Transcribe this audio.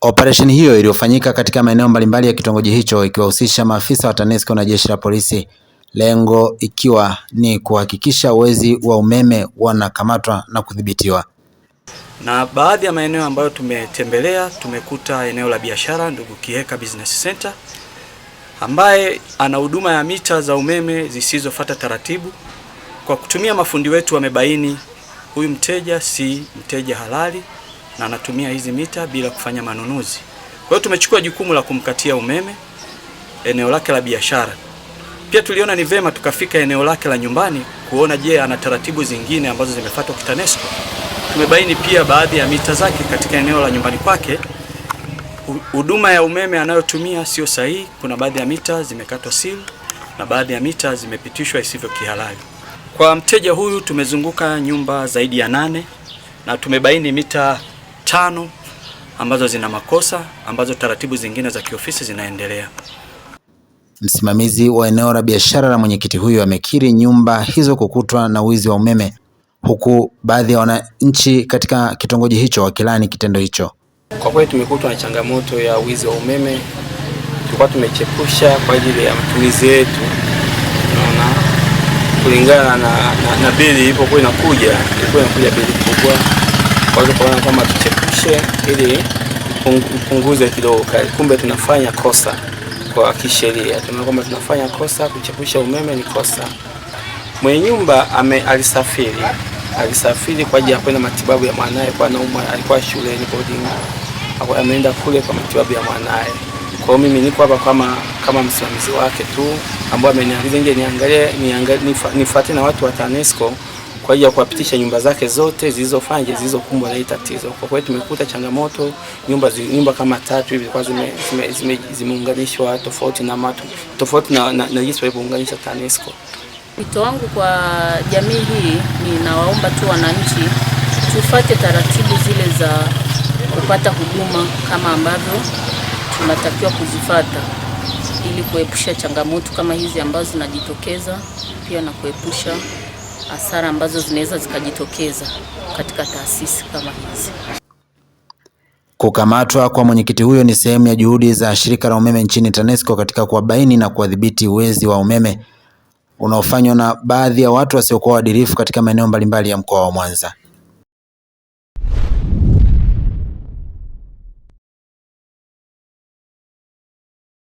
Operesheni hiyo iliyofanyika katika maeneo mbalimbali ya kitongoji hicho ikiwahusisha maafisa wa TANESCO na jeshi la polisi, lengo ikiwa ni kuhakikisha wezi wa umeme wanakamatwa na kudhibitiwa. Na baadhi ya maeneo ambayo tumetembelea, tumekuta eneo la biashara ndugu Kiheka Business Center ambaye ana huduma ya mita za umeme zisizofuata taratibu. Kwa kutumia mafundi wetu wamebaini huyu mteja si mteja halali na anatumia hizi mita bila kufanya manunuzi. Kwa hiyo tumechukua jukumu la kumkatia umeme eneo lake la biashara. Pia tuliona ni vema tukafika eneo lake la nyumbani kuona, je, ana taratibu zingine ambazo zimefuatwa kitanesco. Tumebaini pia baadhi ya mita zake katika eneo la nyumbani kwake huduma ya umeme anayotumia sio sahihi. Kuna baadhi ya mita zimekatwa simu na baadhi ya mita zimepitishwa isivyo kihalali. Kwa mteja huyu tumezunguka nyumba zaidi ya nane na tumebaini mita tano ambazo zina makosa ambazo taratibu zingine za kiofisi zinaendelea. Msimamizi wa eneo la biashara la mwenyekiti huyo amekiri nyumba hizo kukutwa na wizi wa umeme, huku baadhi ya wananchi katika kitongoji hicho wakilani kitendo hicho. Kwa kweli tumekutwa na changamoto ya wizi wa umeme, tulikuwa tumechepusha kwa ajili ya matumizi yetu, naona kulingana na, na, na bili ilipokuwa inakuja ilikuwa inakuja bili kubwa kwa hiyo kwamba tuchepushe ili upunguze kidogo kali. Kumbe tunafanya kosa kwa kisheria, tunaona kwamba tunafanya kosa. Kuchepusha umeme ni kosa. Mwenye nyumba ame alisafiri alisafiri kwa ajili ya kwenda matibabu ya mwanaye, kwa anaumwa, alikuwa shuleni boarding, ameenda kule kwa matibabu ya mwanaye. Kwa hiyo mimi niko hapa kama kama msimamizi wake tu, ambao ameniagiza nje niangalie nifuate na watu wa TANESCO kwa ajili ya kuwapitisha nyumba zake zote zilizofanya zilizokumbwa na tatizo. Kwa kweli tumekuta changamoto nyumba zi, nyumba kama tatu hivi kwa zimeunganishwa tofauti na matu tofauti na na, na jinsi walivyounganisha TANESCO. Wito wangu kwa jamii hii, ninawaomba tu wananchi tufate taratibu zile za kupata huduma kama ambavyo tunatakiwa kuzifata ili kuepusha changamoto kama hizi ambazo zinajitokeza pia na kuepusha hasara ambazo zinaweza zikajitokeza katika taasisi kama hizi. Kukamatwa kwa mwenyekiti huyo ni sehemu ya juhudi za shirika la umeme nchini TANESCO katika kuwabaini na kuwadhibiti wezi wa umeme unaofanywa na baadhi ya watu wasiokuwa waadilifu katika maeneo mbalimbali ya mkoa wa Mwanza.